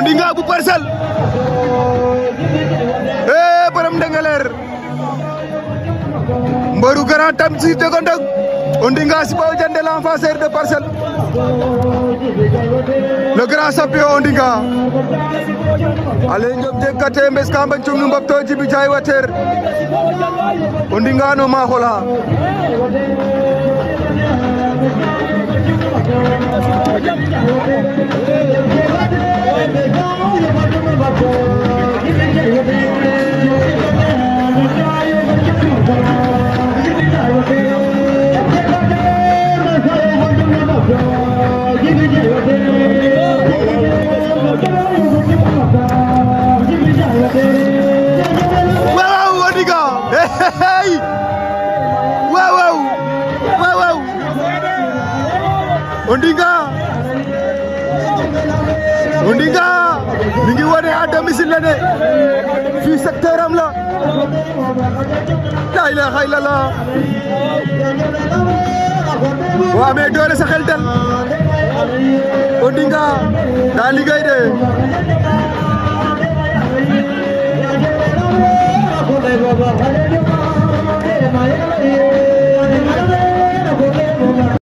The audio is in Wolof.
Ondinga bu Parcelles eh borom Ndengeleer mbaru grand tam si Ondinga si baw jande l'enfant de Parcelles le grand champion Ondinga ale njom jeg mbes ka mbañ nu mbap jibi jaay Ondinga no maaxo la waaw waaw waaw waaw Ondinga Ondinga mi ngi wane à domicile la de fii secteur am la la ilaha illallah boo amee sa xel dal Ondinga daa liggéey de hello